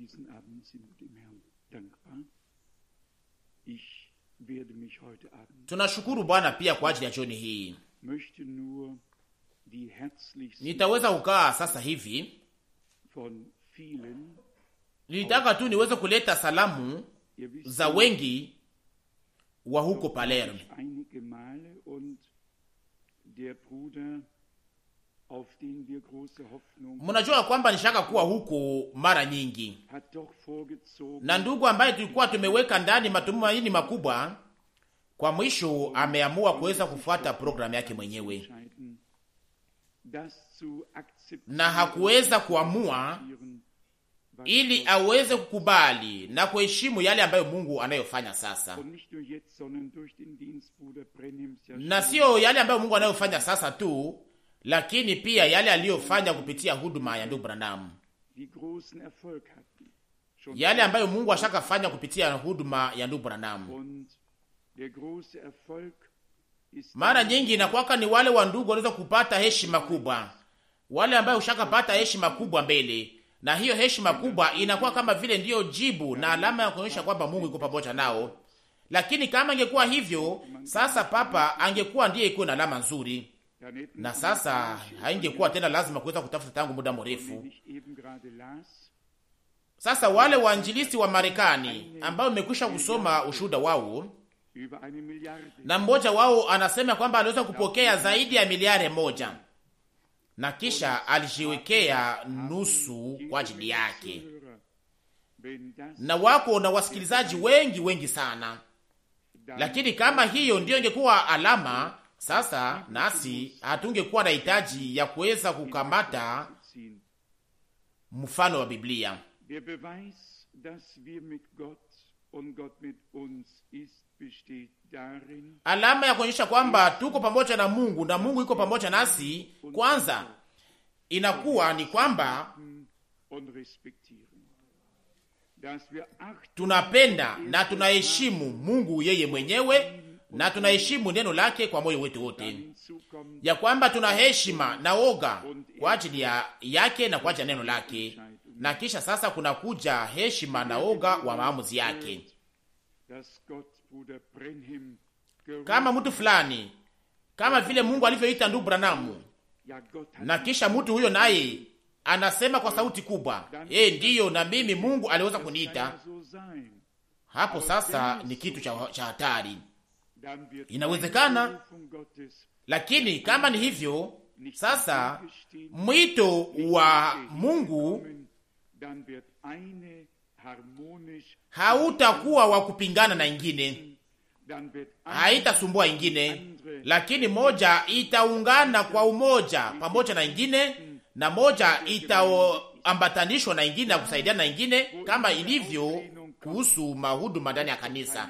diesen Abend sind dem Herrn dankbar. Ich werde mich heute Abend tunashukuru Bwana pia kwa ajili ya jioni hii. Möchte nur die herzlichsten nitaweza kukaa sasa hivi von vielen Nitaka tu niweze kuleta salamu za wengi wa huko Palermo. Einige Male und der Bruder Munajua kwamba nishaka kuwa huko mara nyingi, na ndugu ambaye tulikuwa tumeweka ndani matumaini makubwa, kwa mwisho ameamua kuweza kufuata programu yake mwenyewe na hakuweza kuamua ili aweze kukubali na kuheshimu yale ambayo Mungu anayofanya sasa, na siyo yale ambayo Mungu anayofanya sasa tu lakini pia yale aliyofanya kupitia huduma ya ndugu Branham, yale ambayo Mungu ashakafanya kupitia huduma ya ndugu Branham. Mara nyingi inakwaka ni wale wa ndugu waliweza kupata heshima kubwa, wale ambayo ushakapata heshima kubwa mbele, na hiyo heshima kubwa inakuwa kama vile ndiyo jibu na alama ya kuonyesha kwamba Mungu iko pamoja nao. Lakini kama ingekuwa hivyo, sasa papa angekuwa ndiye ikiwe na alama nzuri na sasa haingekuwa tena lazima kuweza kutafuta tangu muda mrefu. Sasa wale waanjilisti wa Marekani ambao mmekwisha kusoma ushuhuda wao, na mmoja wao anasema kwamba aliweza kupokea zaidi ya miliare moja na kisha alijiwekea nusu kwa ajili yake, na wako na wasikilizaji wengi wengi sana. Lakini kama hiyo ndiyo ingekuwa alama sasa nasi hatungekuwa na hitaji ya kuweza kukamata mfano wa Biblia. Alama ya kuonyesha kwamba tuko pamoja na Mungu na Mungu iko pamoja nasi, kwanza inakuwa ni kwamba tunapenda na tunaheshimu Mungu yeye mwenyewe na tunaheshimu neno lake kwa moyo wetu wote, ya kwamba tuna heshima na oga kwa ajili ya yake na kwa ajili ya neno lake. Na kisha sasa kuja heshima na oga wa maamuzi yake, kama mtu fulani, kama vile Mungu alivyoita ndugu Branamu, na kisha mtu huyo naye anasema kwa sauti kubwa, eh, ndiyo na mimi Mungu aliweza kuniita hapo. Sasa ni kitu cha hatari Inawezekana, lakini kama ni hivyo, sasa mwito wa Mungu hautakuwa wa kupingana na ingine, haitasumbua ingine, lakini moja itaungana kwa umoja pamoja na ingine, na moja itaambatanishwa na ingine na kusaidiana na ingine, kama ilivyo kuhusu mahuduma ndani ya kanisa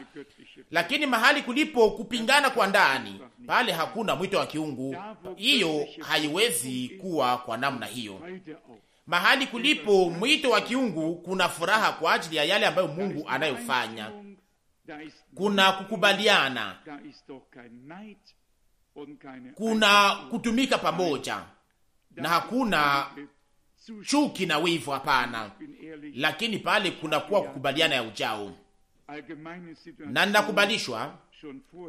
lakini mahali kulipo kupingana kwa ndani, pale hakuna mwito wa kiungu. Hiyo haiwezi kuwa kwa namna hiyo. Mahali kulipo mwito wa kiungu, kuna furaha kwa ajili ya yale ambayo Mungu anayofanya, kuna kukubaliana, kuna kutumika pamoja, na hakuna chuki na wivu. Hapana, lakini pale kunakuwa kukubaliana ya ujao na ninakubalishwa.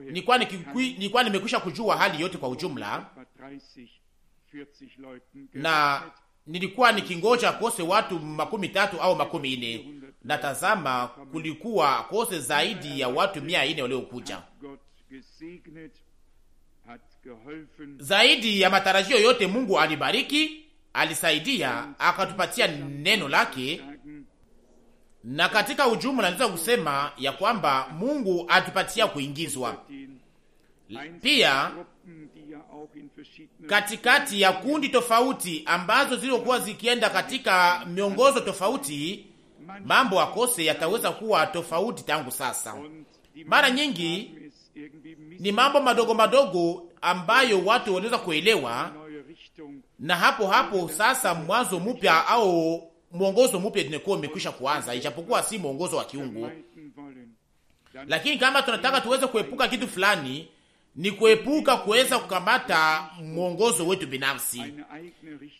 Nilikuwa nimekwisha kujua hali yote kwa ujumla, na nilikuwa nikingoja kose watu makumi tatu au makumi ine, na tazama, kulikuwa kose zaidi ya watu mia ine waliokuja zaidi ya matarajio yote. Mungu alibariki, alisaidia, akatupatia neno lake na katika ujumla naweza kusema ya kwamba Mungu atupatia kuingizwa pia katikati ya kundi tofauti ambazo zilizokuwa zikienda katika miongozo tofauti, mambo akose yataweza kuwa tofauti tangu sasa. Mara nyingi ni mambo madogo madogo ambayo watu wanaweza kuelewa, na hapo hapo sasa mwanzo mpya au mwongozo mpya tunakuwa umekwisha kuanza, ijapokuwa si mwongozo wa kiungu. Lakini kama tunataka tuweze kuepuka kitu fulani, ni kuepuka kuweza kukamata mwongozo wetu binafsi.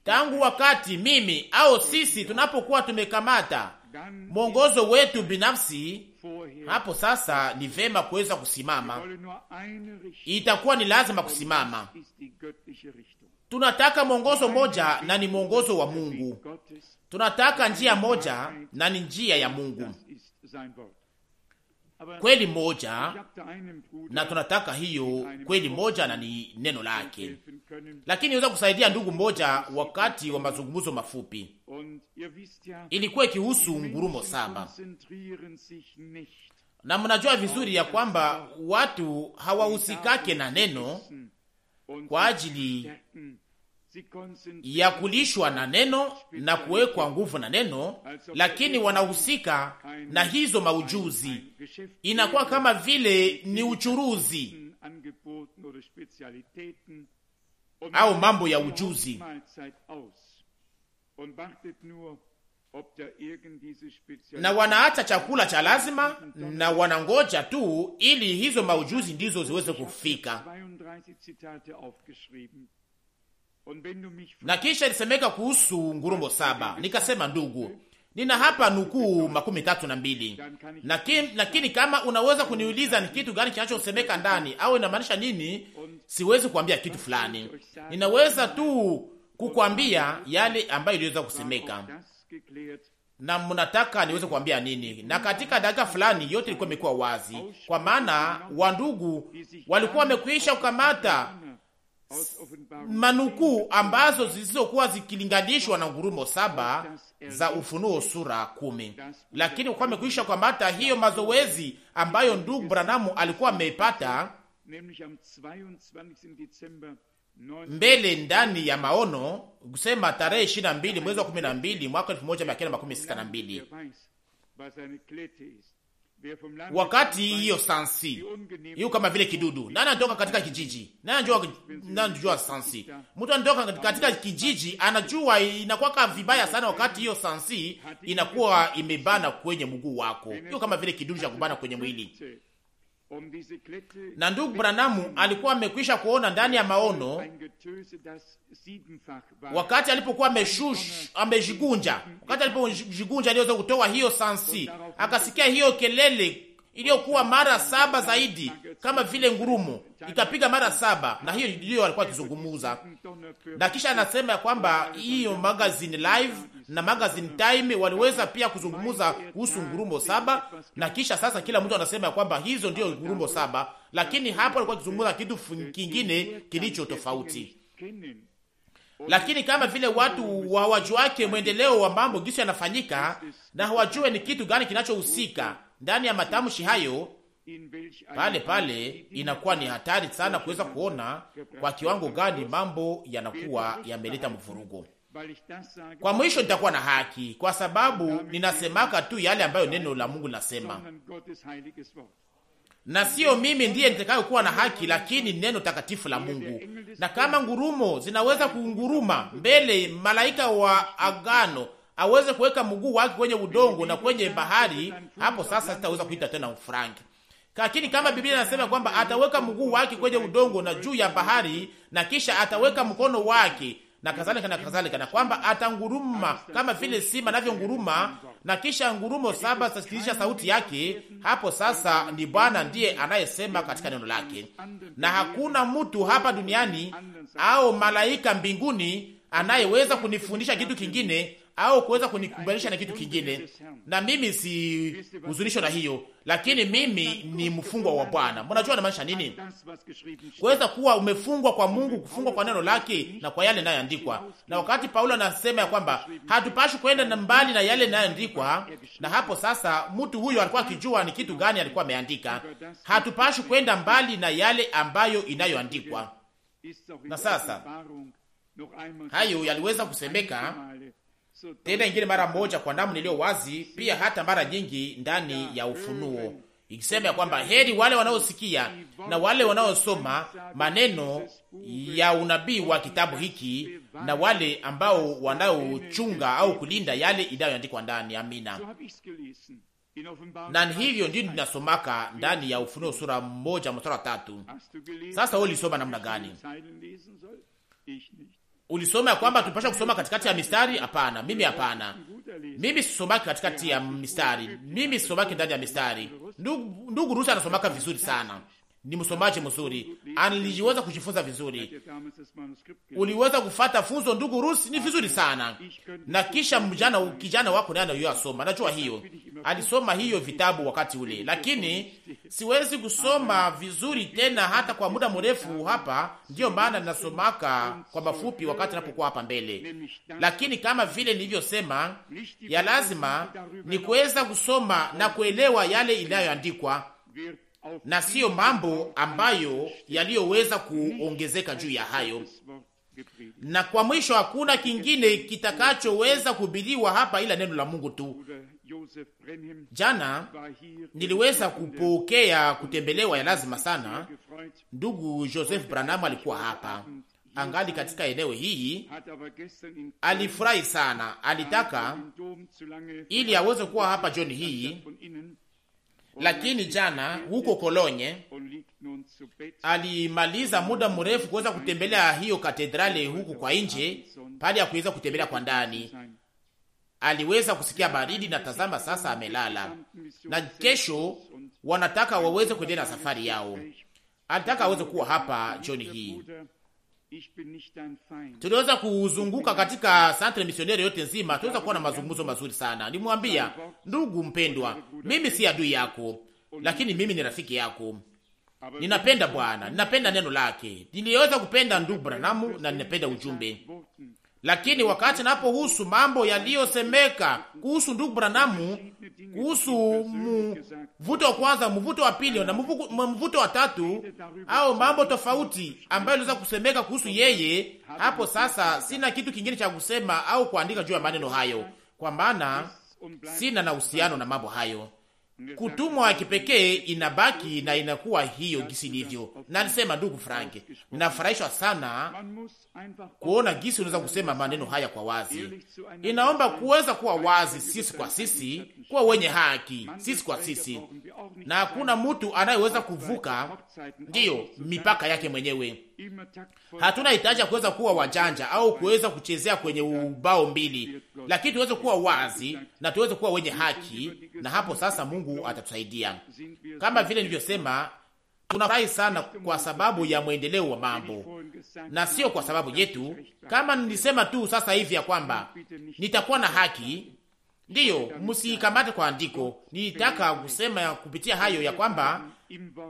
Tangu wakati mimi au sisi tunapokuwa tumekamata mwongozo wetu binafsi, hapo sasa ni vema kuweza kusimama, itakuwa ni lazima kusimama. Tunataka mwongozo moja na ni mwongozo wa Mungu. Tunataka njia moja na ni njia ya Mungu kweli moja, na tunataka hiyo kweli moja na ni neno lake. Lakini iweza kusaidia ndugu mmoja wakati wa mazungumzo mafupi, ilikuwa ikihusu ngurumo saba, na mnajua vizuri ya kwamba watu hawahusikake na neno kwa ajili ya kulishwa na neno na kuwekwa nguvu na neno, lakini wanahusika na hizo maujuzi. Inakuwa kama vile ni uchuruzi au mambo ya ujuzi na wanaacha chakula cha lazima na wanangoja tu ili hizo maujuzi ndizo ziweze kufika. Na kisha ilisemeka kuhusu ngurumo saba, nikasema ndugu, nina hapa nukuu makumi tatu na mbili, lakini kama unaweza kuniuliza ni kitu gani kinachosemeka ndani au inamaanisha nini, siwezi kuambia kitu fulani. Ninaweza tu kukwambia yale ambayo iliweza kusemeka na mnataka niweze kuambia nini. Na katika dakika fulani yote ilikuwa imekuwa wazi, kwa maana wandugu walikuwa wamekwisha kukamata manukuu ambazo zilizokuwa zikilinganishwa na ngurumo saba za Ufunuo sura kumi, lakini kwa amekwisha kwambata hiyo mazoezi ambayo ndugu Branamu alikuwa ameipata mbele ndani ya maono kusema tarehe 22 mwezi wa 12 mwaka 1962 wakati hiyo sansi hiyo kama vile kidudu, nani anatoka katika kijiji, nani anajua, nani anajua sansi. Mtu anatoka katika kijiji anajua, inakuwa vibaya sana wakati hiyo sansi inakuwa imebana kwenye mguu wako, hiyo kama vile kidudu cha kubana kwenye mwili na ndugu Branamu alikuwa amekwisha kuona ndani ya maono, wakati alipokuwa ameshush amejigunja, wakati alipojigunja aliweza kutoa hiyo sansi, akasikia hiyo kelele iliyokuwa mara saba zaidi, kama vile ngurumo ikapiga mara saba, na hiyo ndiyo alikuwa akizungumuza. Na kisha anasema ya kwamba hiyo magazine live na magazine time waliweza pia kuzungumza kuhusu ngurumo saba, na kisha sasa kila mtu anasema ya kwamba hizo ndio ngurumo saba, lakini hapo alikuwa akizungumza kitu kingine kilicho tofauti. Lakini kama vile watu hawajuake mwendeleo wa mambo gisi yanafanyika na hawajue ni kitu gani kinachohusika ndani ya matamshi hayo, pale pale inakuwa ni hatari sana kuweza kuona kwa kiwango gani mambo yanakuwa yameleta mvurugo. Kwa mwisho nitakuwa na haki, kwa sababu ninasemaka tu yale ambayo neno la Mungu linasema, na sio mimi ndiye nitakayokuwa na haki, lakini neno takatifu la Mungu. Na kama ngurumo zinaweza kunguruma mbele malaika wa agano aweze kuweka mguu wake kwenye udongo na kwenye bahari, hapo sasa sitaweza kuita tena Franki. Lakini kama Biblia inasema kwamba ataweka mguu wake kwenye udongo na juu ya bahari, na kisha ataweka mkono wake na kadhalika na kadhalika, na kwamba atanguruma kama vile simba anavyonguruma, na kisha ngurumo saba zasikilisha sauti yake. Hapo sasa ni Bwana ndiye anayesema katika neno lake, na hakuna mtu hapa duniani au malaika mbinguni anayeweza kunifundisha kitu kingine au kuweza kunikubalisha na kitu kingine, na mimi si huzunishwa na hiyo, lakini mimi ni mfungwa wa Bwana. Mnajua namaanisha nini? Kuweza kuwa umefungwa kwa Mungu, kufungwa kwa neno lake na kwa yale yanayoandikwa. Na wakati Paulo anasema ya kwamba hatupashi kwenda na mbali na yale yanayoandikwa, na hapo sasa mtu huyo alikuwa akijua ni kitu gani alikuwa ameandika. Hatupashi kwenda mbali na yale ambayo inayoandikwa, na sasa hayo yaliweza kusemeka tena ingine mara moja kwa namu niliyo wazi, pia hata mara nyingi ndani ya Ufunuo ikisema ya kwamba heri wale wanaosikia na wale wanaosoma maneno ya unabii wa kitabu hiki na wale ambao wanaochunga au kulinda yale inayoandikwa ndani. Amina. Na hivyo ndio ninasomaka ndani ya Ufunuo sura moja mstari wa tatu. Sasa wewe ulisoma namna gani? Ulisoma kwamba tupasha kusoma katikati ya mistari? Hapana, mimi hapana, mimi sisomaki katikati ya mistari, mimi sisomaki ndani ya mistari. Ndugu, ndugu Rusi anasomaka vizuri sana ni msomaji mzuri, aliweza kujifunza vizuri. Uliweza kufata funzo, ndugu Rusi, ni vizuri sana. Na kisha mjana kijana wako naye asoma najua hiyo alisoma hiyo vitabu wakati ule, lakini siwezi kusoma vizuri tena hata kwa muda mrefu hapa. Ndiyo maana ninasomaka kwa mafupi wakati napokuwa hapa mbele, lakini kama vile nilivyosema, ya lazima ni kuweza kusoma na kuelewa yale inayoandikwa na siyo mambo ambayo yaliyoweza kuongezeka juu ya hayo. Na kwa mwisho, hakuna kingine kitakachoweza kuhubiriwa hapa ila neno la Mungu tu. Jana niliweza kupokea kutembelewa ya lazima sana. Ndugu Joseph Branham alikuwa hapa angali katika eneo hii, alifurahi sana, alitaka ili aweze kuwa hapa John hii lakini jana huko Kolonye alimaliza muda mrefu kuweza kutembelea hiyo katedrale huku kwa nje, pale ya kuweza kutembelea kwa ndani. Aliweza kusikia baridi na tazama, sasa amelala, na kesho wanataka waweze kuendelea na safari yao. Alitaka aweze kuwa hapa jioni hii. Tuliweza kuzunguka katika santre misioneri yote nzima, tuweza kuwa na mazungumzo mazuri sana. Nimwambia ndugu mpendwa, mimi si adui yako, lakini mimi ni rafiki yako. Ninapenda Bwana, ninapenda neno lake. Niliweza kupenda ndugu Branamu na ninapenda ujumbe lakini wakati napohusu mambo yaliyosemeka kuhusu ndugu Branamu, kuhusu mvuto wa kwanza, mvuto wa pili na mvuto wa tatu, au mambo tofauti ambayo iliweza kusemeka kuhusu yeye, hapo sasa sina kitu kingine cha kusema au kuandika juu ya maneno hayo, kwa maana sina na uhusiano na mambo hayo kutumwa ya kipekee inabaki na inakuwa hiyo gisi ilivyo. Na nisema ndugu Frank, nafurahishwa sana kuona gisi unaweza kusema maneno haya kwa wazi. Inaomba kuweza kuwa wazi, sisi kwa sisi, kuwa wenye haki sisi kwa sisi, na hakuna mtu anayeweza kuvuka ndiyo mipaka yake mwenyewe Hatuna hitaji ya kuweza kuwa wajanja au kuweza kuchezea kwenye ubao mbili, lakini tuweze kuwa wazi na tuweze kuwa wenye haki, na hapo sasa Mungu atatusaidia. Kama vile nilivyosema, tunafurahi sana kwa sababu ya mwendeleo wa mambo na sio kwa sababu yetu. Kama nilisema tu sasa hivi ya kwamba nitakuwa na haki Ndiyo, msikamate kwa andiko. Nilitaka kusema kupitia hayo ya kwamba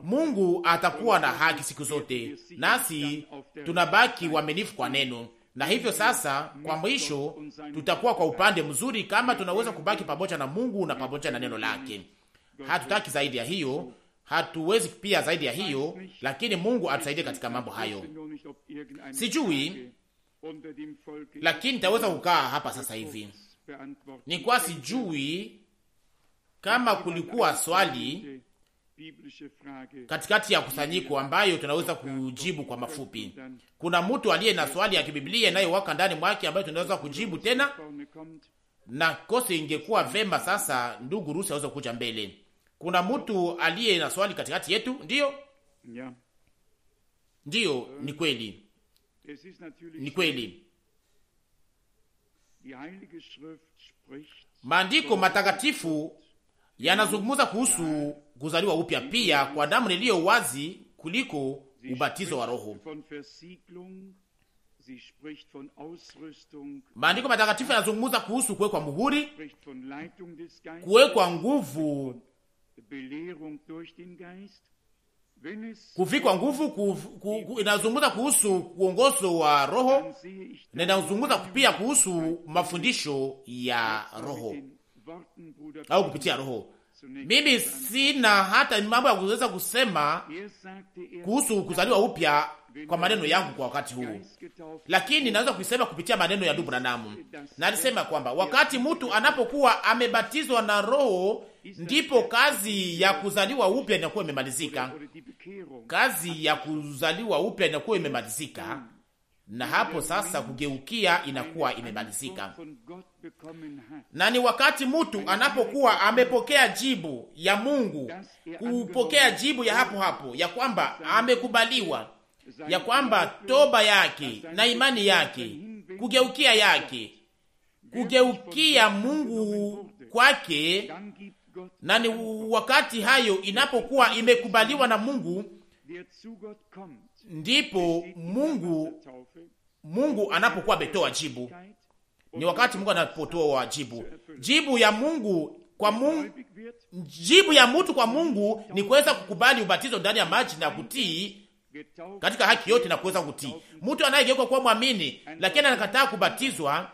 Mungu atakuwa na haki siku zote, nasi tunabaki waaminifu kwa neno, na hivyo sasa, kwa mwisho, tutakuwa kwa upande mzuri kama tunaweza kubaki pamoja na Mungu na pamoja na neno lake. Hatutaki zaidi ya hiyo, hatuwezi pia zaidi ya hiyo, lakini Mungu atusaidie katika mambo hayo. Sijui, lakini taweza kukaa hapa sasa hivi kwa sijui kama kulikuwa swali katikati ya kusanyiko ambayo tunaweza kujibu kwa mafupi. Kuna mtu aliye na swali ya kibiblia inayowaka ndani mwake ambayo tunaweza kujibu tena, na kose ingekuwa vema sasa ndugu Rusi aweze kuja mbele. Kuna mtu aliye na swali katikati yetu? Ndiyo, ndiyo, ni kweli, ni kweli. Maandiko matakatifu yanazungumza kuhusu kuzaliwa upya pia kwa damu iliyo wazi kuliko ubatizo wa Roho. Maandiko matakatifu yanazungumza kuhusu kuwekwa muhuri, kuwekwa nguvu kuvikwa nguvu inazunguza ku, ku, inazungumza kuhusu uongozo wa Roho na inazungumza pia kuhusu mafundisho ya Roho au kupitia Roho. Mimi sina hata mambo ya kuweza kusema er er kuhusu kuzaliwa upya kwa maneno yangu kwa wakati huu, lakini naweza kuisema kupitia maneno ya ndugu Branham, na alisema kwamba wakati mtu anapokuwa amebatizwa na Roho, ndipo kazi ya kuzaliwa upya inakuwa imemalizika. Kazi ya kuzaliwa upya inakuwa imemalizika, na hapo sasa kugeukia inakuwa imemalizika, na ni wakati mtu anapokuwa amepokea jibu ya Mungu, kupokea jibu ya hapo hapo ya kwamba amekubaliwa ya kwamba toba yake na imani yake, kugeukia yake, kugeukia Mungu kwake, na ni wakati hayo inapokuwa imekubaliwa na Mungu, ndipo Mungu Mungu anapokuwa ametoa jibu. Ni wakati Mungu anapotoa jibu, jibu ya Mungu kwa Mungu, jibu ya mtu kwa Mungu ni kuweza kukubali ubatizo ndani ya maji na kutii katika haki yote na kuweza kutii. Mtu anayegeuka kuwa mwamini lakini anakataa kubatizwa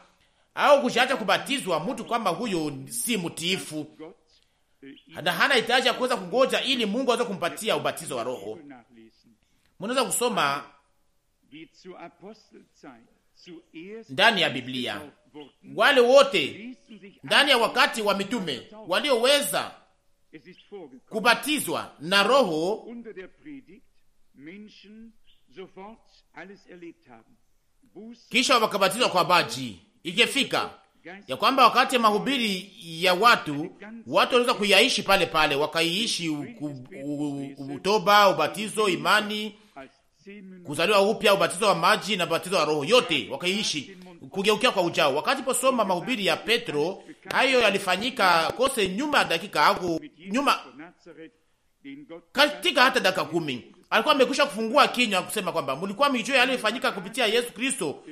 au kushaacha kubatizwa, mtu kwamba huyo si mtiifu na hana hitaji ya kuweza kungoja ili Mungu aweze kumpatia ubatizo wa Roho. Mnaweza kusoma ndani ya Biblia wale wote ndani ya wakati wa mitume walioweza kubatizwa na Roho kisha wakabatizwa kwa maji. ikefika ya kwamba wakati ya mahubiri ya watu watu waliweza kuyaishi pale pale, wakaiishi utoba, ubatizo, imani, kuzaliwa upya, ubatizo wa maji na ubatizo wa Roho, yote wakaiishi kugeukia kwa ujao. Wakati posoma mahubiri ya Petro, hayo yalifanyika kose nyuma ya dakika au nyuma katika hata dakika kumi alikuwa amekwisha kufungua kinywa kusema kwamba mlikuwa mjue aliyofanyika kupitia Yesu Kristo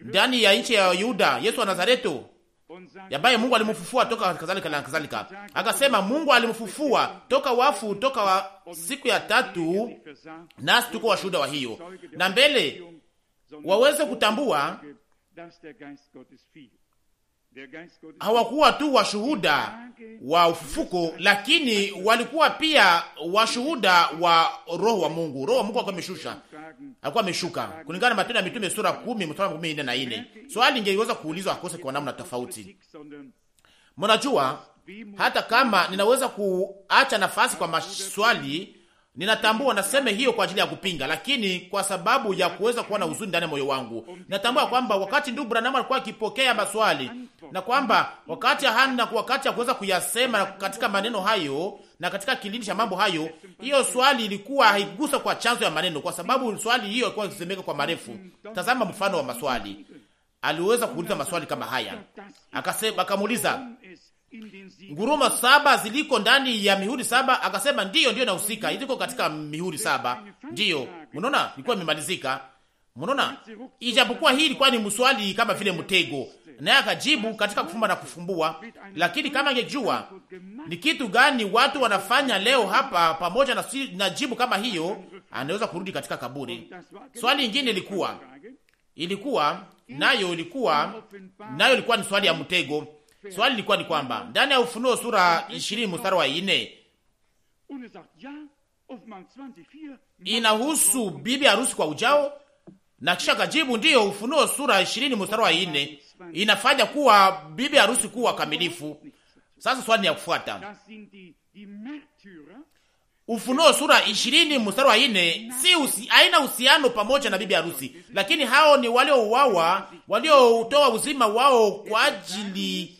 ndani ya nchi ya Yuda, Yesu wa Nazareto, ambaye Mungu alimfufua toka kadhalika na kadhalika. Akasema Mungu alimfufua toka wafu toka wa siku ya tatu, nasi tuko washuhuda wa hiyo, na mbele waweze kutambua hawakuwa tu washuhuda wa ufufuko, lakini walikuwa pia washuhuda wa roho wa Mungu. Roho wa Mungu alikuwa ameshusha, alikuwa ameshuka, kulingana na Matendo ya Mitume sura kumi mstari kumi nne na nne. Swali ingeliweza kuulizwa akose kwa namna tofauti. Mnajua, hata kama ninaweza kuacha nafasi kwa maswali Ninatambua naseme hiyo kwa ajili ya kupinga, lakini kwa sababu ya kuweza kuwa na huzuni ndani ya moyo wangu. Ninatambua kwamba wakati ndugu Branham alikuwa akipokea maswali na kwamba wakati hana wakati ya kuweza kuyasema katika maneno hayo na katika kilindi cha mambo hayo, hiyo swali ilikuwa haigusa kwa chanzo ya maneno, kwa sababu swali hiyo ilikuwa ikisemeka kwa marefu. Tazama mfano wa maswali aliweza kuuliza maswali kama haya, akasema, akamuuliza nguruma saba ziliko ndani ya mihuri saba. Akasema ndiyo, ndiyo nahusika, iliko katika mihuri saba. Ndiyo, mnaona ilikuwa imemalizika. Mnaona, ijapokuwa hii ilikuwa ni mswali kama vile mtego, naye akajibu katika kufumba na kufumbua. Lakini kama angejua ni kitu gani watu wanafanya leo hapa pamoja na, na jibu kama hiyo, anaweza kurudi katika kaburi. Swali ingine ilikuwa ilikuwa nayo ilikuwa nayo ilikuwa ni swali ya mtego Swali lilikuwa ni kwamba ndani ya Ufunuo sura 20 mstari wa 4 inahusu bibi harusi kwa ujao, na kisha kajibu ndiyo. Ufunuo sura 20 mstari wa 4 inafanya kuwa bibi harusi kuwa kamilifu. Sasa swali ni ya kufuata Ufunuo sura 20 mstari wa 4 si usi, haina uhusiano pamoja na bibi harusi, lakini hao ni waliouawa walioutoa uzima wao kwa ajili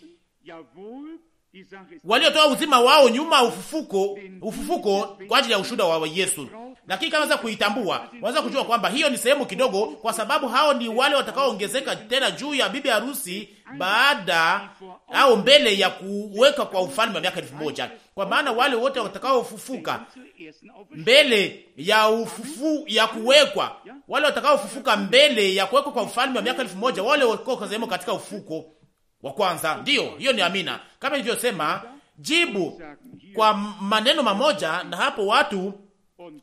waliotoa uzima wao nyuma ufufuko, ufufuko kwa ajili ya ushuda wa Yesu. Lakini kama waweza kuitambua, waweza kujua kwamba hiyo ni sehemu kidogo, kwa sababu hao ni wale watakaoongezeka tena juu ya bibi harusi baada au mbele ya kuweka kwa ufalme wa miaka elfu moja kwa maana wale wote watakaofufuka mbele ya ufufu ya kuwekwa, wale watakaofufuka mbele ya kuwekwa kwa ufalme wa miaka elfu moja wale wako sehemu katika ufuko wa kwanza. Ndiyo, hiyo ni amina, kama ilivyosema jibu kwa maneno mamoja, na hapo watu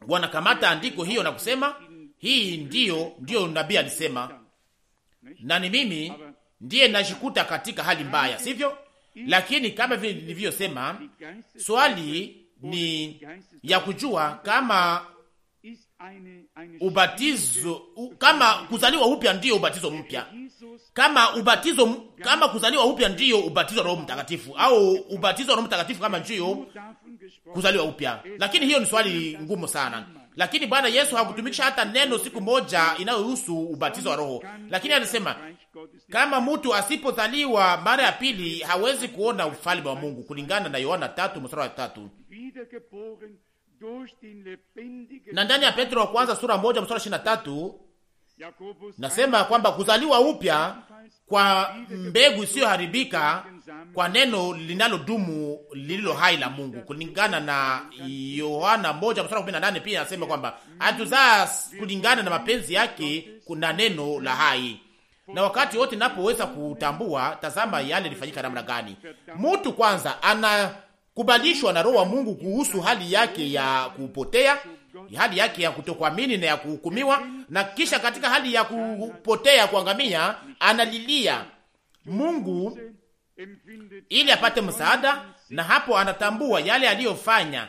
wanakamata andiko hiyo na kusema hii ndiyo ndiyo nabii alisema, na ni mimi ndiye najikuta katika hali mbaya, sivyo? Lakini kama vile nilivyosema, swali ni ya kujua kama ubatizo, kama kuzaliwa upya ndiyo ubatizo mpya kama ubatizo kama kuzaliwa upya ndiyo ubatizo wa Roho Mtakatifu au ubatizo wa Roho Mtakatifu kama ndiyo kuzaliwa upya. Lakini hiyo ni swali ngumu sana. Lakini Bwana Yesu hakutumikisha hata neno siku moja inayohusu ubatizo wa Roho, lakini alisema kama mtu asipozaliwa mara ya pili hawezi kuona ufalme wa Mungu, kulingana na Yohana tatu mstari wa na ndani ya Petro wa kwanza sura moja mstari ishirini na tatu Nasema kwamba kuzaliwa upya kwa mbegu isiyoharibika kwa neno linalodumu lililo hai la Mungu, kulingana na Yohana 1:18 Pia anasema kwamba atuzaa kulingana na mapenzi yake, kuna neno la hai. Na wakati wote napoweza kutambua, tazama yale lifanyika namna gani. Mtu kwanza anakubalishwa na Roho wa Mungu kuhusu hali yake ya kupotea hali yake ya kutokuamini na ya kuhukumiwa, na kisha katika hali ya kupotea kuangamia, analilia Mungu ili apate msaada, na hapo anatambua yale aliyofanya,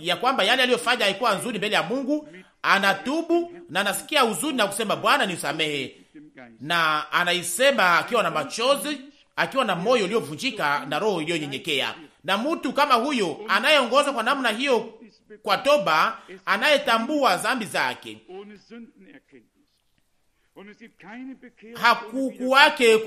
ya kwamba yale aliyofanya haikuwa nzuri mbele ya Mungu. Anatubu na anasikia huzuni na kusema, Bwana usamehe na anaisema akiwa na machozi, akiwa na moyo uliovunjika na roho iliyonyenyekea. Na mtu kama huyo anayeongozwa kwa namna hiyo kwa toba, anayetambua zambi zake hakukuwake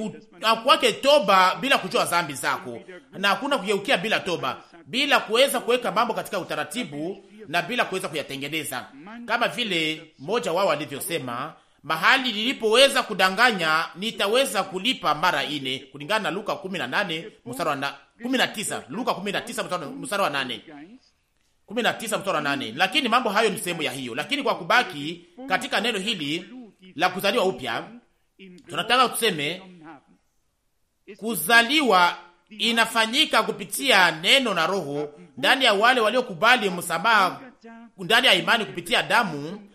hakuwake toba bila kujua zambi zako, na hakuna kugeukia bila toba, bila kuweza kuweka mambo katika utaratibu na bila kuweza kuyatengeneza, kama vile mmoja wao alivyosema, mahali nilipoweza kudanganya nitaweza kulipa mara ine, kulingana na Luka 18 mstari wa 19, Luka 19 mstari wa 8. 19 mstari wa 8, lakini mambo hayo ni sehemu ya hiyo. Lakini kwa kubaki katika neno hili la kuzaliwa upya, tunataka tuseme kuzaliwa inafanyika kupitia neno na Roho ndani ya wale waliokubali msamaha ndani ya imani kupitia damu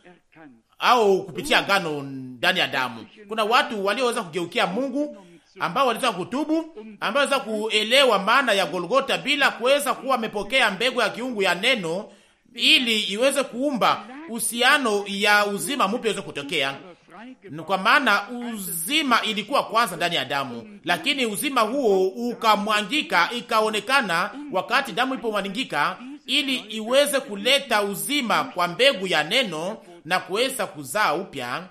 au kupitia gano ndani ya damu. Kuna watu walioweza kugeukia Mungu ambao waliweza kutubu, ambao waliweza kuelewa maana ya Golgota bila kuweza kuwa wamepokea mbegu ya kiungu ya neno ili iweze kuumba uhusiano ya uzima mpya iweze kutokea, kwa maana uzima ilikuwa kwanza ndani ya damu, lakini uzima huo ukamwangika, ikaonekana wakati damu ilipomwangika, ili iweze kuleta uzima kwa mbegu ya neno na kuweza kuzaa upya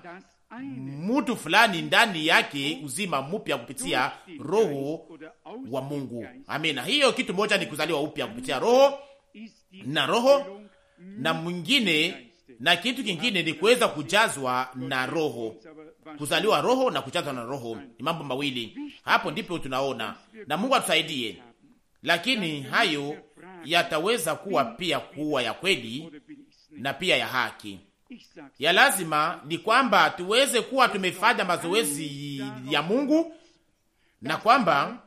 mutu fulani ndani yake uzima mpya kupitia roho wa Mungu. Amina. Hiyo kitu moja ni kuzaliwa upya kupitia roho na roho na mwingine, na kitu kingine ni kuweza kujazwa na roho. Kuzaliwa roho na kujazwa na roho ni mambo mawili, hapo ndipo tunaona, na Mungu atusaidie. Lakini hayo yataweza kuwa pia kuwa ya kweli na pia ya haki ya lazima ni kwamba tuweze kuwa tumefanya mazoezi ya Mungu na kwamba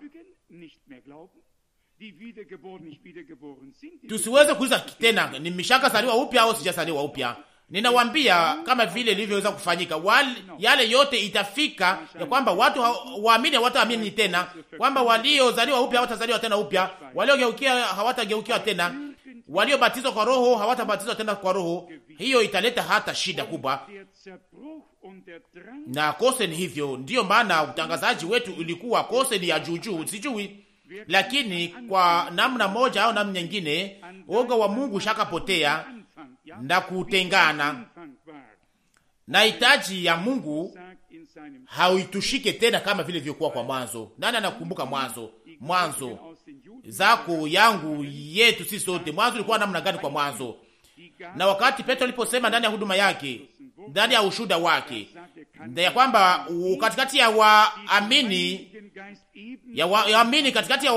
tusiweze kuuliza tena, zaliwa upya au sijazaliwa upya. Ninawambia kama vile ilivyoweza kufanyika wale, yale yote itafika ya kwamba watu waamini hawataamini tena, kwamba waliozaliwa upya hawatazaliwa tena upya, waliogeukia hawatageukiwa tena waliobatizwa kwa Roho hawatabatizwa tena kwa Roho. Hiyo italeta hata shida kubwa, na kose ni hivyo. Ndiyo maana utangazaji wetu ulikuwa kose ni ya juujuu, sijui lakini kwa namna moja au namna nyingine, oga wa Mungu shakapotea na kutengana na hitaji ya Mungu hauitushike tena kama vile vilivyokuwa kwa mwanzo. Nani anakumbuka mwanzo? Mwanzo zako yangu yetu sisi sote. Mwanzo ulikuwa namna gani? Kwa mwanzo na wakati Petro aliposema ndani ya huduma yake, ndani ya ushuda wake, ya kwamba katikati ya waamini ya waamini katikati ya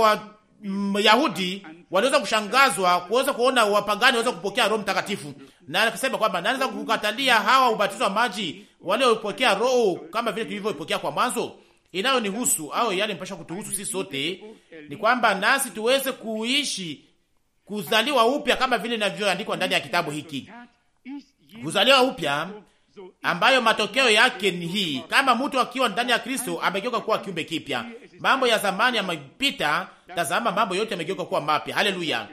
Wayahudi mm, waliweza kushangazwa kuweza kuona wapagani waweza kupokea Roho Mtakatifu, na akisema kwamba naweza kukatalia hawa ubatizo wa maji waliopokea Roho kama vile tulivyoipokea kwa mwanzo inayonihusu au yale mpasha kutuhusu sisi sote ni kwamba nasi tuweze kuishi kuzaliwa upya kama vile inavyoandikwa ndani ya kitabu hiki, kuzaliwa upya ambayo matokeo yake ni hii: kama mtu akiwa ndani ya Kristo amegeuka kuwa kiumbe kipya, mambo ya zamani yamepita, tazama mambo yote yamegeuka kuwa mapya. Haleluya!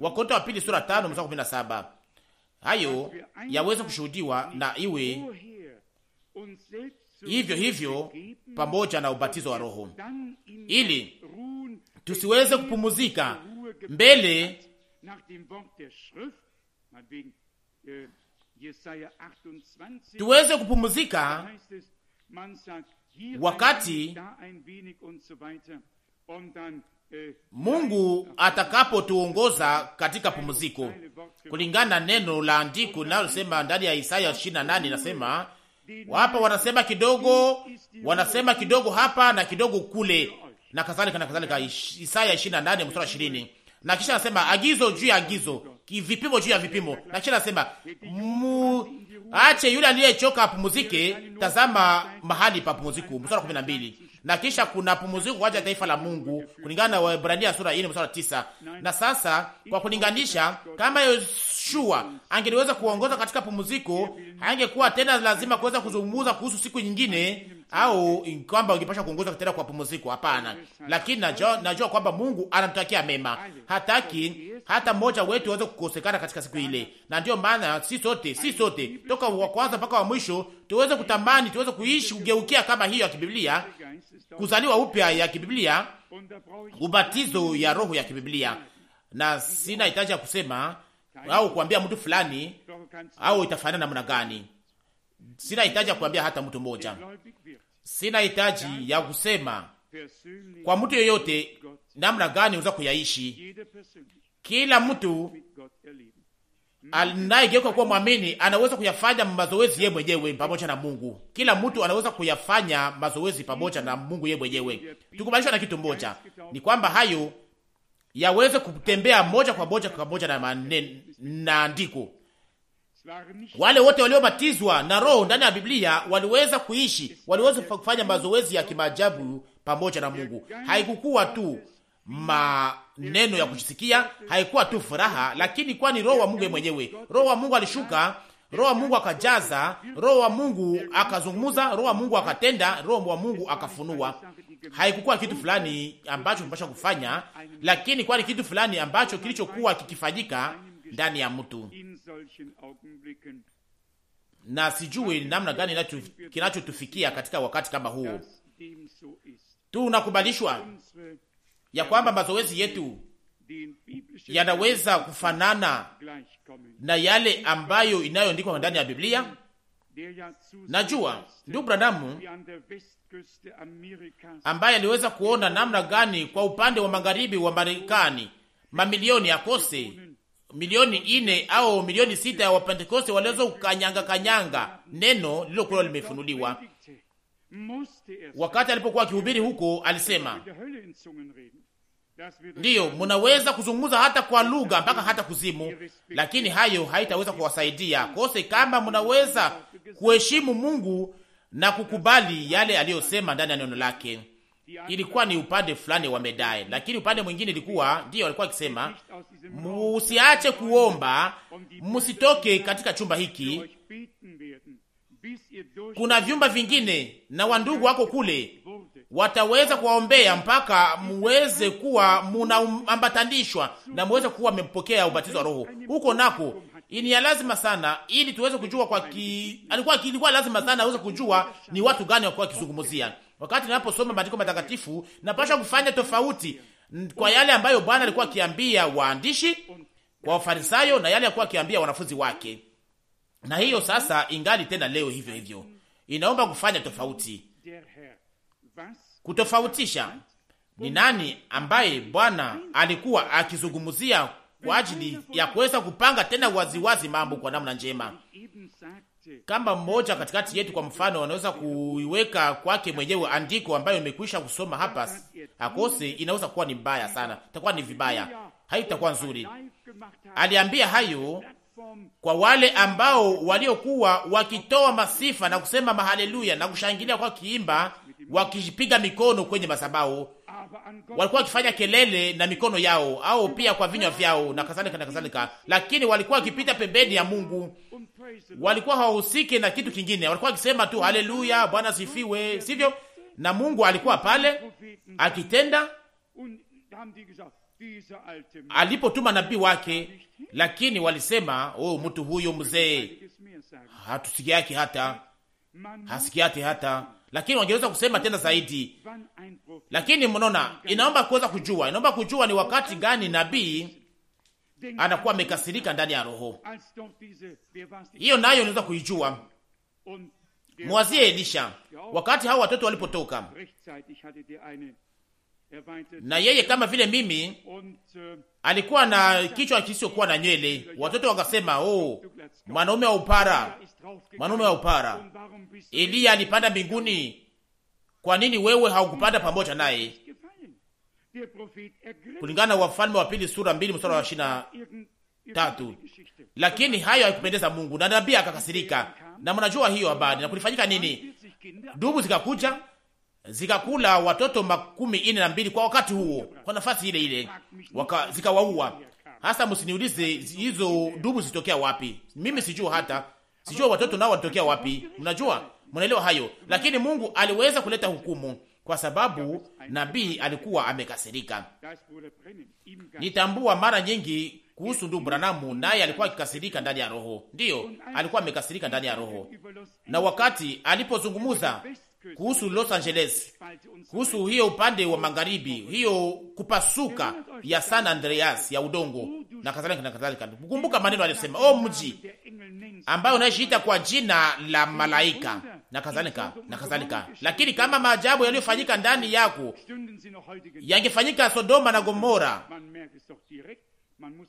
Wakorintho wa pili sura tano mstari kumi na saba. Hayo yaweze kushuhudiwa na iwe hivyo hivyo pamoja na ubatizo wa Roho, ili tusiweze kupumuzika mbele tuweze kupumuzika wakati Mungu atakapotuongoza katika pumziko, kulingana na neno la andiko linalosema ndani ya Isaya 28, inasema hapa wanasema kidogo, wanasema kidogo hapa na kidogo kule, na kadhalika na kadhalika. Isaya 28 mstari 20. Na kisha anasema agizo juu ya agizo, vipimo juu ya vipimo. Na kisha anasema ache yule aliyechoka apumzike, tazama mahali pa pumziko. Mstari 12 na kisha kuna pumuziko kwa ajili ya taifa la Mungu kulingana na Waebrania sura 4 mstari 9. Na sasa kwa kulinganisha, kama Yoshua angeliweza kuongoza katika pumuziko, angekuwa tena lazima kuweza kuzungumza kuhusu siku nyingine au kwamba ungepasha kuongoza tena kwa pumziko. Hapana, lakini najua, najua kwamba Mungu anamtakia mema, hataki hata mmoja wetu aweze kukosekana katika siku ile, na ndio maana si sote, si sote toka wa kwanza mpaka wa mwisho tuweze kutamani, tuweze kuishi kugeukia kama hiyo ya kibiblia, kuzaliwa upya ya kibiblia, ubatizo ya roho ya kibiblia, na sina hitaji ya kusema au kuambia mtu fulani au itafanana namna gani Sina hitaji ya kuambia hata mtu mmoja, sina hitaji ya kusema kwa mtu yoyote namna gani unaweza kuyaishi. Kila mtu anayegeuka kuwa mwamini anaweza kuyafanya mazoezi yeye mwenyewe pamoja na Mungu. Kila mtu anaweza kuyafanya mazoezi pamoja na Mungu yeye mwenyewe. Tukubalishwa na kitu moja, ni kwamba hayo yaweze kutembea moja kwa moja kwa moja na maandiko wale wote waliobatizwa na Roho ndani ya Biblia waliweza kuishi, waliweza kufanya mazoezi ya kimaajabu pamoja na Mungu. Haikukuwa tu maneno ya kujisikia, haikuwa tu furaha, lakini kwani Roho wa Mungu mwenyewe, Roho wa Mungu alishuka Roho wa Mungu akajaza, Roho wa Mungu akazungumza, Roho wa Mungu akatenda, Roho wa Mungu akafunua. Haikukuwa kitu fulani ambacho kimepasha kufanya, lakini kwani kitu fulani ambacho kilichokuwa kikifanyika ndani ya mtu na sijui namna gani kinachotufikia katika wakati kama huu. Tunakubalishwa ya kwamba mazoezi yetu yanaweza kufanana na yale ambayo inayoandikwa ndani ya Biblia. Najua ndugu branamu ambaye aliweza kuona namna gani kwa upande wa magharibi wa Marekani mamilioni ya kose milioni ine au milioni sita ya Wapentekoste waliweza kukanyanga kanyanga neno lililokuwa limefunuliwa. Wakati alipokuwa akihubiri huko, alisema ndiyo, munaweza kuzungumza hata kwa lugha mpaka hata kuzimu, lakini hayo haitaweza kuwasaidia kose, kama munaweza kuheshimu Mungu na kukubali yale aliyosema ndani ya neno lake ilikuwa ni upande fulani wa medai, lakini upande mwingine ilikuwa ndiyo alikuwa akisema, musiache kuomba, musitoke katika chumba hiki. Kuna vyumba vingine na wandugu wako kule wataweza kuwaombea mpaka muweze kuwa munaambatanishwa na muweze kuwa mmepokea ubatizo wa Roho huko nako. Ni ya lazima sana ili tuweze kujua kwa ki... alikuwa ilikuwa lazima sana aweze kujua ni watu gani wakuwa wakizungumzia Wakati ninaposoma maandiko matakatifu, napasha kufanya tofauti kwa yale ambayo Bwana alikuwa akiambia waandishi kwa Wafarisayo na yale alikuwa akiambia wanafunzi wake, na hiyo sasa ingali tena leo hivyo hivyo, inaomba kufanya tofauti, kutofautisha ni nani ambaye Bwana alikuwa akizungumzia kwa ajili ya kuweza kupanga tena waziwazi mambo kwa namna njema kama mmoja katikati yetu, kwa mfano, anaweza kuiweka kwake mwenyewe andiko ambayo imekwisha kusoma hapa akose, inaweza kuwa ni mbaya sana, itakuwa ni vibaya, haitakuwa nzuri. Aliambia hayo kwa wale ambao waliokuwa wakitoa masifa na kusema mahaleluya na kushangilia kwa kiimba wakipiga mikono kwenye masabao walikuwa wakifanya kelele na mikono yao au pia kwa vinywa vyao na kadhalika na kadhalika, lakini walikuwa wakipita pembeni ya Mungu, walikuwa hawahusiki na kitu kingine, walikuwa wakisema tu haleluya, Bwana sifiwe, sivyo? Na Mungu alikuwa pale akitenda alipotuma nabii wake, lakini walisema oh, mtu huyo mzee hatusikiake hata hasikiate hata. Lakini wangeweza kusema tena zaidi, lakini mnaona, inaomba kuweza kujua, inaomba kujua ni wakati gani nabii anakuwa amekasirika ndani ya roho. Hiyo nayo inaweza kuijua. Mwazie Elisha wakati hao watoto walipotoka, na yeye kama vile mimi alikuwa na kichwa kisichokuwa na nywele. Watoto wakasema, oh, mwanaume wa upara, mwanaume wa upara. Eliya alipanda mbinguni kwa nini wewe haukupanda pamoja naye? Kulingana na Wafalme wa Pili sura mbili mstari wa ishirini na tatu. Lakini hayo haikupendeza Mungu, na nabii akakasirika. Na mnajua hiyo habari. Na kulifanyika nini? Dubu zikakuja zikakula watoto makumi ine na mbili kwa wakati huo, kwa nafasi ile ile zikawaua. Hasa msiniulize hizo dubu zitokea wapi, mimi sijua, hata sijua watoto nao walitokea wapi. Mnajua Mnaelewa hayo? Lakini Mungu aliweza kuleta hukumu kwa sababu nabii alikuwa amekasirika. Nitambua mara nyingi kuhusu ndugu Branamu, naye alikuwa akikasirika ndani ya roho. Ndiyo, alikuwa amekasirika ndani ya roho, na wakati alipozungumza kuhusu Los Angeles, kuhusu hiyo upande wa magharibi, hiyo kupasuka ya San Andreas ya udongo na kadhalika na kadhalika, kukumbuka maneno aliyosema, o mji ambayo unaishiita kwa jina la malaika na kadhalika na kadhalika. Lakini kama maajabu yaliyofanyika ndani yako yangefanyika Sodoma na Gomora, äh,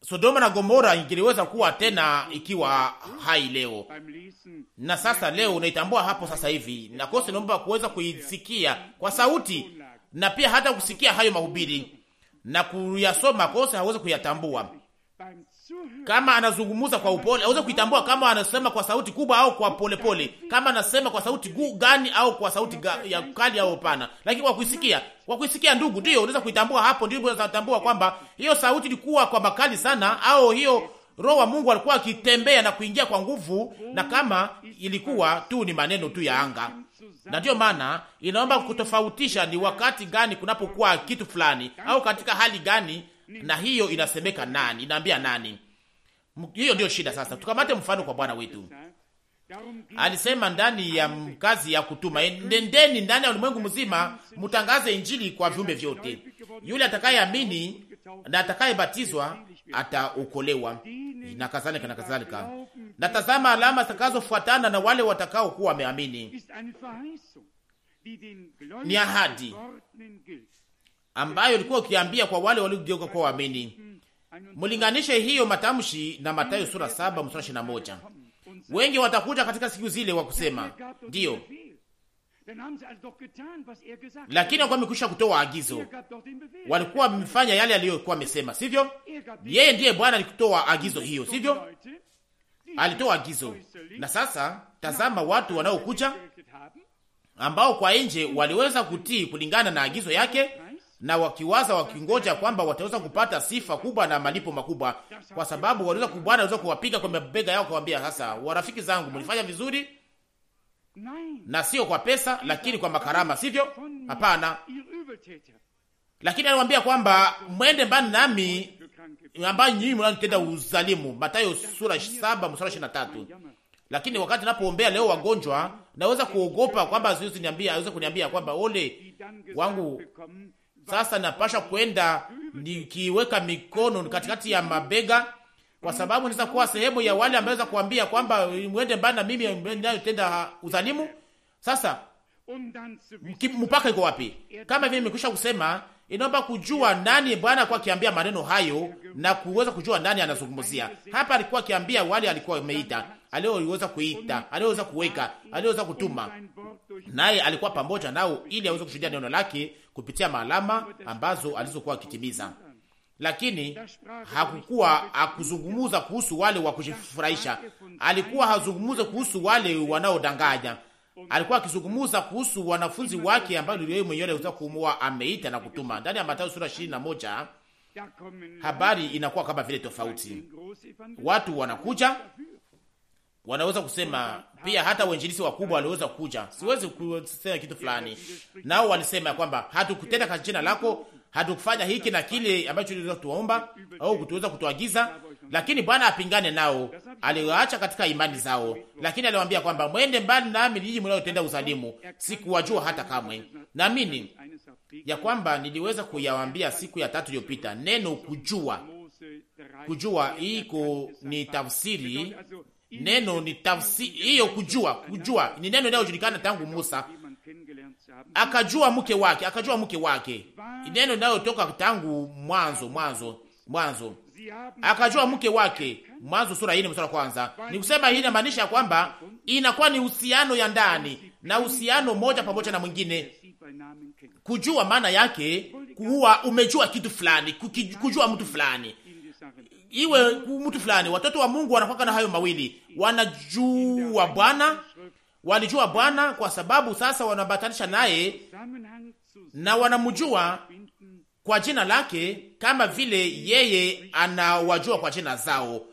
Sodoma na Gomora ingeliweza kuwa tena ikiwa hai leo. Na sasa leo unaitambua hapo sasa hivi, äh, na kose naomba kuweza kuisikia kwa sauti, na pia hata kusikia hayo mahubiri na kuyasoma, kose hawezi kuyatambua kama anazungumuza kwa upole aweze kuitambua, kama anasema kwa sauti kubwa au kwa polepole pole. Kama anasema kwa sauti gu, gani au kwa sauti ga, ya kali au pana, lakini kwa kuisikia, kwa kuisikia ndugu, ndio unaweza kuitambua. Hapo ndio unaweza kutambua kwamba hiyo sauti ilikuwa kwa makali sana, au hiyo roho wa Mungu alikuwa akitembea na kuingia kwa nguvu, na kama ilikuwa tu ni maneno tu ya anga. Na ndio maana inaomba kutofautisha ni wakati gani kunapokuwa kitu fulani au katika hali gani na hiyo inasemeka nani? Inaambia nani? Hiyo ndiyo shida. Sasa tukamate mfano kwa Bwana wetu alisema ndani ya kazi ya kutuma, eh, nendeni ndani ya ulimwengu mzima, mtangaze injili kwa viumbe vyote. Yule atakayeamini na atakayebatizwa ataokolewa, na kadhalika na kadhalika. natazama alama zitakazofuatana na wale watakaokuwa wameamini. Ni ahadi ambayo ulikuwa ukiambia kwa wale waliogeuka kwa waamini. Mlinganishe hiyo matamshi na Mathayo sura saba mstari ishirini na moja. Wengi watakuja katika siku zile wa kusema ndiyo, lakini walikuwa wamekwisha kutoa agizo, walikuwa wamefanya yale aliyokuwa amesema, sivyo? Yeye ndiye Bwana alikutoa agizo hiyo, sivyo? Alitoa agizo. Na sasa tazama, watu wanaokuja ambao kwa nje waliweza kutii kulingana na agizo yake, na wakiwaza wakingoja kwamba wataweza kupata sifa kubwa na malipo makubwa, kwa sababu waliweza kubwana, waliweza kuwapiga kwa mabega yao, kuwaambia sasa, warafiki zangu, mlifanya vizuri, na sio kwa pesa, lakini kwa makarama, sivyo? Hapana, lakini anawambia kwamba mwende mbali nami, ambayo nyinyi mnatenda uzalimu, Mathayo sura 7 mstari 23. Lakini wakati napoombea leo wagonjwa, naweza kuogopa kwamba siwezi niambia, aweze kuniambia kwamba ole wangu sasa napasha kwenda nikiweka mikono katikati ya mabega, kwa sababu naweza kuwa sehemu ya wale ambao naweza kuambia kwamba mwende mbali na mimi ninayotenda udhalimu. Sasa mpaka iko wapi? Kama vile nimekwisha kusema, inaomba kujua nani Bwana alikuwa akiambia maneno hayo na kuweza kujua nani anazungumzia hapa. Alikuwa akiambia wale alikuwa ameita, aliyoweza kuita, aliyoweza kuweka, aliyoweza kutuma, naye alikuwa pamoja nao ili aweze kushuhudia neno lake kupitia maalama ambazo alizokuwa akitimiza, lakini hakukuwa akuzungumuza kuhusu wale wa kujifurahisha. Alikuwa hazungumuze kuhusu wale wanaodanganya. Alikuwa akizungumuza kuhusu wanafunzi wake ambao yeye mwenyewe aliweza kumua, ameita na kutuma. Ndani ya Mathayo sura 21 habari inakuwa kama vile tofauti, watu wanakuja wanaweza kusema pia, hata wainjilisi wakubwa waliweza kuja, siwezi kusema kitu fulani, nao walisema kwamba hatukutenda kazi jina lako, hatukufanya hiki na kile ambacho uliweza kutuomba au kutuweza kutuagiza, lakini Bwana apingane nao. Aliwaacha katika imani zao, lakini aliwaambia kwamba mwende mbali nami, ninyi mnaotenda uzalimu, sikuwajua hata kamwe. Naamini ya kwamba niliweza kuyawambia siku ya tatu iliyopita, neno kujua kujua iko ni tafsiri Neno ni tafsi hiyo, kujua. Kujua ni neno linalojulikana tangu Musa, akajua mke wake, akajua mke wake, neno linalotoka tangu mwanzo, mwanzo, mwanzo, akajua mke wake, Mwanzo sura ine mstari wa kwanza. Ni kusema hii inamaanisha kwamba inakuwa ni uhusiano ya ndani na uhusiano moja pamoja na mwingine. Kujua maana yake kuwa umejua kitu fulani, kujua mtu fulani iwe mtu fulani. Watoto wa Mungu wanakwaka na hayo mawili, wanajua Bwana, walijua Bwana kwa sababu sasa wanabatanisha naye na wanamjua kwa jina lake kama vile yeye anawajua kwa jina zao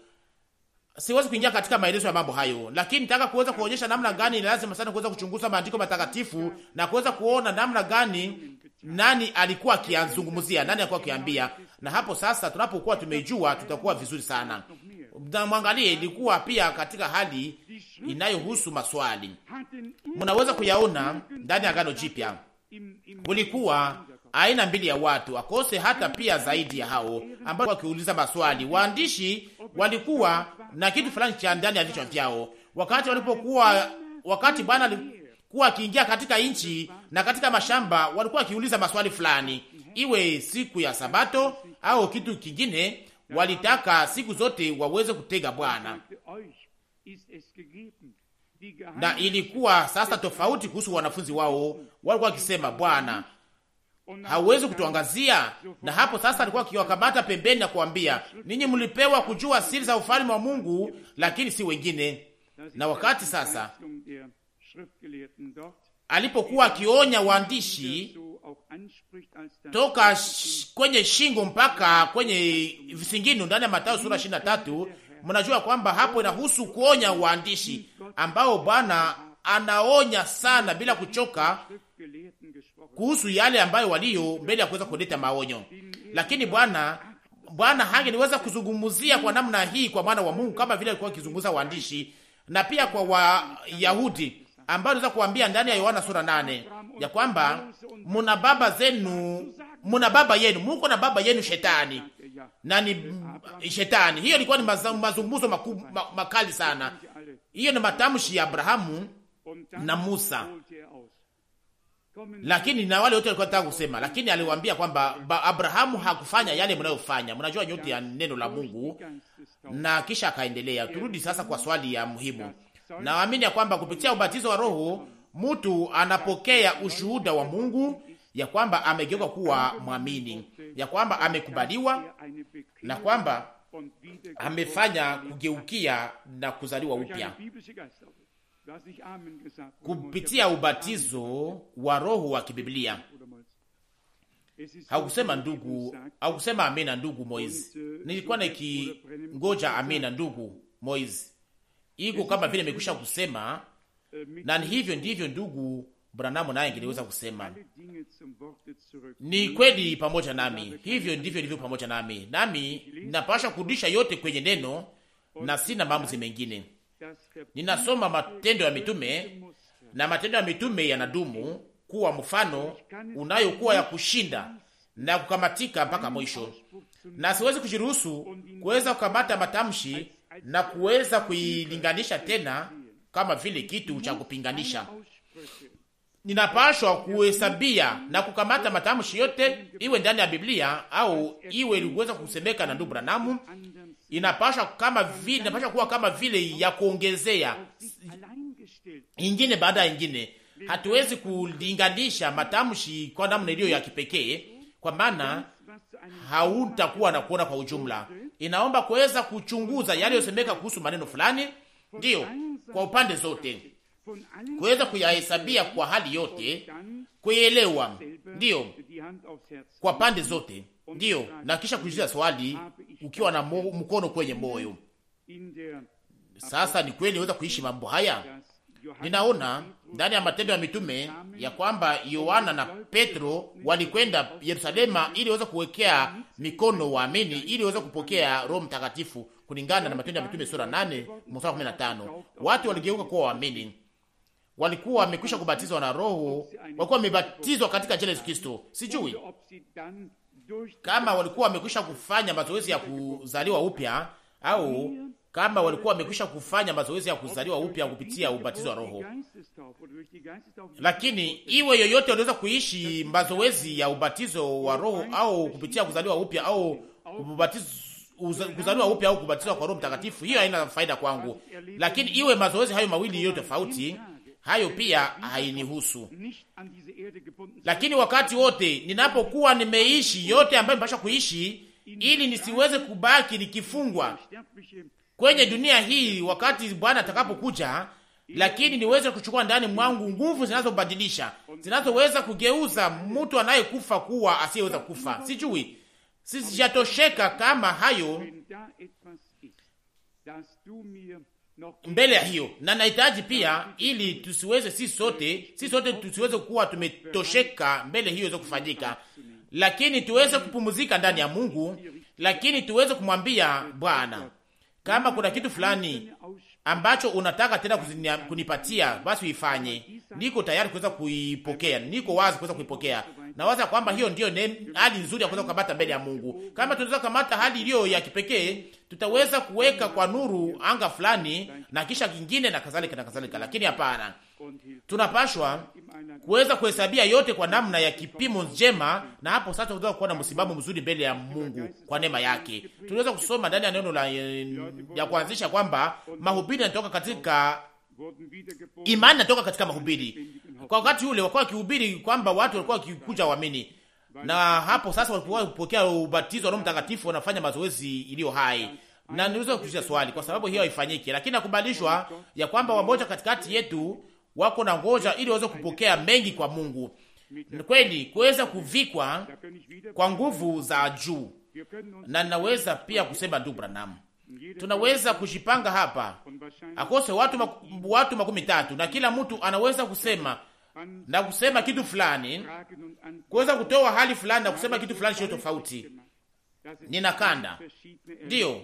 siwezi kuingia katika maelezo ya mambo hayo, lakini nataka kuweza kuonyesha namna gani ni lazima sana kuweza kuchunguza maandiko matakatifu na kuweza kuona namna gani nani alikuwa akiyazungumzia, nani alikuwa akiambia, na hapo sasa tunapokuwa tumejua tutakuwa vizuri sana. Na mwangalie, ilikuwa pia katika hali inayohusu maswali, mnaweza kuyaona ndani ya Agano Jipya kulikuwa aina mbili ya watu, akose hata pia zaidi ya hao ambao wakiuliza maswali. Waandishi walikuwa na kitu fulani cha ndani ya vichwa vyao wakati walipokuwa, wakati Bwana alikuwa akiingia katika nchi na katika mashamba, walikuwa wakiuliza maswali fulani, iwe siku ya Sabato au kitu kingine. Walitaka siku zote waweze kutega Bwana, na ilikuwa sasa tofauti kuhusu wanafunzi wao. Walikuwa wakisema Bwana hauwezi kutuangazia. Na hapo sasa alikuwa akiwakamata pembeni na kuambia, ninyi mlipewa kujua siri za ufalme wa Mungu, lakini si wengine. Na wakati sasa alipokuwa akionya waandishi toka kwenye shingo mpaka kwenye visingino ndani ya Mathayo sura 23, mnajua kwamba hapo inahusu kuonya waandishi ambao Bwana anaonya sana bila kuchoka kuhusu yale ambayo walio mbele ya kuweza kuleta maonyo, lakini Bwana Bwana hangeliweza kuzungumzia kwa namna hii kwa mwana wa Mungu kama vile alikuwa akizungumza waandishi na pia kwa Wayahudi ambao aliweza kuambia ndani ya Yohana sura nane ya kwamba muna baba zenu, muna baba yenu, muko na baba yenu shetani na ni shetani. Hiyo ilikuwa ni mazungumzo makali sana. Hiyo ni matamshi ya Abrahamu na Musa lakini na wale wote walikuwa nataka kusema, lakini aliwaambia kwamba Abrahamu hakufanya yale mnayofanya. Mnajua nyote ya neno la Mungu, na kisha akaendelea. Turudi sasa kwa swali ya muhimu. Naamini ya kwamba kupitia ubatizo wa Roho mtu anapokea ushuhuda wa Mungu ya kwamba amegeuka kuwa mwamini, ya kwamba amekubaliwa na kwamba amefanya kugeukia na kuzaliwa upya kupitia ubatizo wa roho wa kibiblia. haukusema ndugu, haukusema amina ndugu Moizi. Nilikuwa nikingoja amina ndugu Moizi, iko kama vile imekwisha kusema, na hivyo ndivyo ndugu Branamu naye ngiliweza kusema. Ni kweli pamoja nami, hivyo ndivyo ndivyo pamoja nami, nami napasha kurudisha yote kwenye neno na sina maamuzi mengine. Ninasoma Matendo ya Mitume, na Matendo ya Mitume yanadumu kuwa mfano unayokuwa ya kushinda na kukamatika mpaka mwisho, na siwezi kujiruhusu kuweza kukamata matamshi na kuweza kuilinganisha tena kama vile kitu cha kupinganisha. Ninapashwa kuhesabia na kukamata matamshi yote, iwe ndani ya Biblia au iwe iliweza kusemeka na ndugu Branamu inapasha kama vile inapasha kuwa kama vile ya kuongezea ingine baada ya ingine. Hatuwezi kulinganisha matamshi kwa namna iliyo ya kipekee, kwa maana hautakuwa na kuona kwa ujumla. Inaomba kuweza kuchunguza yaliyosemeka kuhusu maneno fulani, ndiyo, kwa upande zote kuweza kuyahesabia kwa hali yote, kuielewa, ndiyo, kwa pande zote, ndiyo, na kisha kuuliza swali ukiwa na mkono kwenye moyo. Sasa ni kweli niweza kuishi mambo haya. Ninaona ndani ya Matendo ya Mitume ya kwamba Yohana na Petro walikwenda Yerusalema ili waweze kuwekea mikono waamini ili waweze kupokea Roho Mtakatifu kulingana na Matendo ya Mitume sura 8 mstari 15. Watu waligeuka kuwa waamini. Walikuwa wamekwisha kubatizwa na Roho, walikuwa wamebatizwa katika jina la Yesu Kristo. Sijui kama walikuwa wamekwisha kufanya mazoezi ya kuzaliwa upya au kama walikuwa wamekwisha kufanya mazoezi ya kuzaliwa upya kupitia ubatizo wa Roho. Lakini iwe yoyote wanaweza kuishi mazoezi ya ubatizo wa Roho au kupitia kuzaliwa upya au kuzaliwa upya au kubatizwa kwa Roho Mtakatifu, hiyo haina faida kwangu. Lakini iwe mazoezi hayo mawili yote tofauti, hayo pia hainihusu. Lakini wakati wote ninapokuwa nimeishi yote ambayo nimepasha kuishi, ili nisiweze kubaki nikifungwa kwenye dunia hii wakati Bwana atakapokuja, lakini niweze kuchukua ndani mwangu nguvu zinazobadilisha, zinazoweza kugeuza mtu anayekufa kuwa asiyeweza kufa. Sijui, sijatosheka kama hayo mbele ya hiyo, na nahitaji pia, ili tusiweze si sote si sote tusiweze kuwa tumetosheka mbele hiyo iweze kufanyika, lakini tuweze kupumzika ndani ya Mungu, lakini tuweze kumwambia Bwana, kama kuna kitu fulani ambacho unataka tena kunipatia, basi uifanye. Niko tayari kuweza kuipokea, niko wazi kuweza kuipokea, Nawaza kwamba hiyo ndiyo hali nzuri ya kuweza kukamata mbele ya Mungu. Kama tunaweza kukamata hali iliyo ya kipekee, tutaweza kuweka kwa nuru anga fulani na kisha kingine na kadhalika na kadhalika, lakini hapana, tunapashwa kuweza kuhesabia yote kwa namna ya kipimo njema, na hapo sasa tunaweza kuwa na msimamo mzuri mbele ya Mungu kwa neema yake. Tunaweza kusoma ndani ya neno la ya kuanzisha kwamba mahubiri yanatoka katika imani, natoka katika mahubiri kwa wakati ule walikuwa wakihubiri kwamba watu walikuwa wakikuja waamini, na hapo sasa walikuwa kupokea ubatizo wa Roho Mtakatifu, wanafanya mazoezi iliyo hai. Na niweza kuuliza swali, kwa sababu hiyo haifanyiki, lakini nakubalishwa ya kwamba wamoja katikati yetu wako na ngoja ili waweze kupokea mengi kwa Mungu kweli, kuweza kuvikwa kwa nguvu za juu. Na naweza pia kusema ndugu Branham, tunaweza kushipanga hapa akose watu, watu makumi tatu na kila mtu anaweza kusema na kusema kitu fulani, kuweza kutoa hali fulani na kusema kitu fulani sio tofauti. Nina kanda ndiyo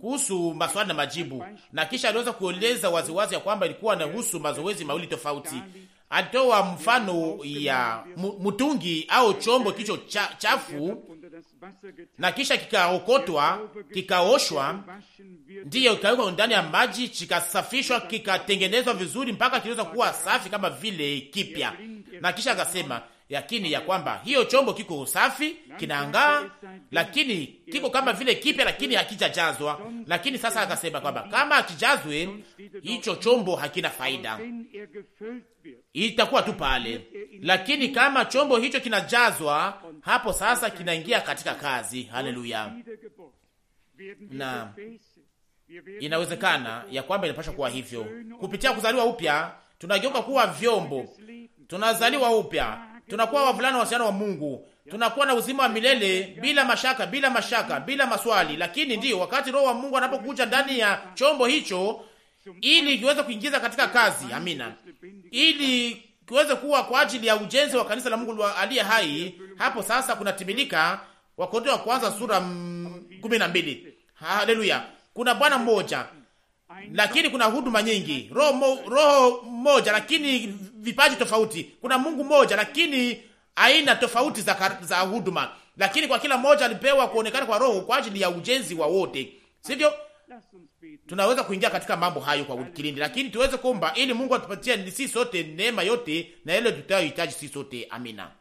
kuhusu maswali na majibu, na kisha aliweza kueleza waziwazi ya kwamba ilikuwa anahusu mazoezi mawili tofauti. Alitoa mfano ya mtungi au chombo kilicho cha, chafu na kisha kikaokotwa, kikaoshwa, ndiyo kikawekwa ndani ya maji, kikasafishwa, kikatengenezwa vizuri mpaka kiliweza kuwa safi kama vile kipya. Na kisha akasema yakini ya kwamba hiyo chombo kiko usafi kinaangaa, lakini kiko kama vile kipya, lakini hakijajazwa. Lakini sasa akasema kwamba kama hakijazwe, hicho chombo hakina faida, itakuwa tu pale. Lakini kama chombo hicho kinajazwa hapo sasa kinaingia katika kazi. Haleluya! Na inawezekana ya kwamba inapashwa kuwa hivyo kupitia kuzaliwa upya, tunageuka kuwa vyombo, tunazaliwa upya, tunakuwa wavulana wasichana wa Mungu, tunakuwa na uzima wa milele bila mashaka, bila mashaka, bila maswali. Lakini ndiyo wakati Roho wa Mungu anapokuja ndani ya chombo hicho, ili kiweze kuingiza katika kazi. Amina, ili kiweze kuwa kwa ajili ya ujenzi wa kanisa la Mungu aliye hai. Hapo sasa kunatimilika Wakorintho wa kwanza sura kumi na mbili. Haleluya! Kuna Bwana mmoja lakini kuna huduma nyingi, roho mo, roho moja lakini vipaji tofauti. Kuna Mungu mmoja lakini aina tofauti za, za huduma, lakini kwa kila mmoja alipewa kuonekana kwa roho kwa ajili ya ujenzi wa wote, sivyo? tunaweza kuingia katika mambo hayo kwa kilindi, lakini tuweze kuomba ili Mungu atupatie sisi sote neema yote na ile tutayohitaji sisi sote. Amina.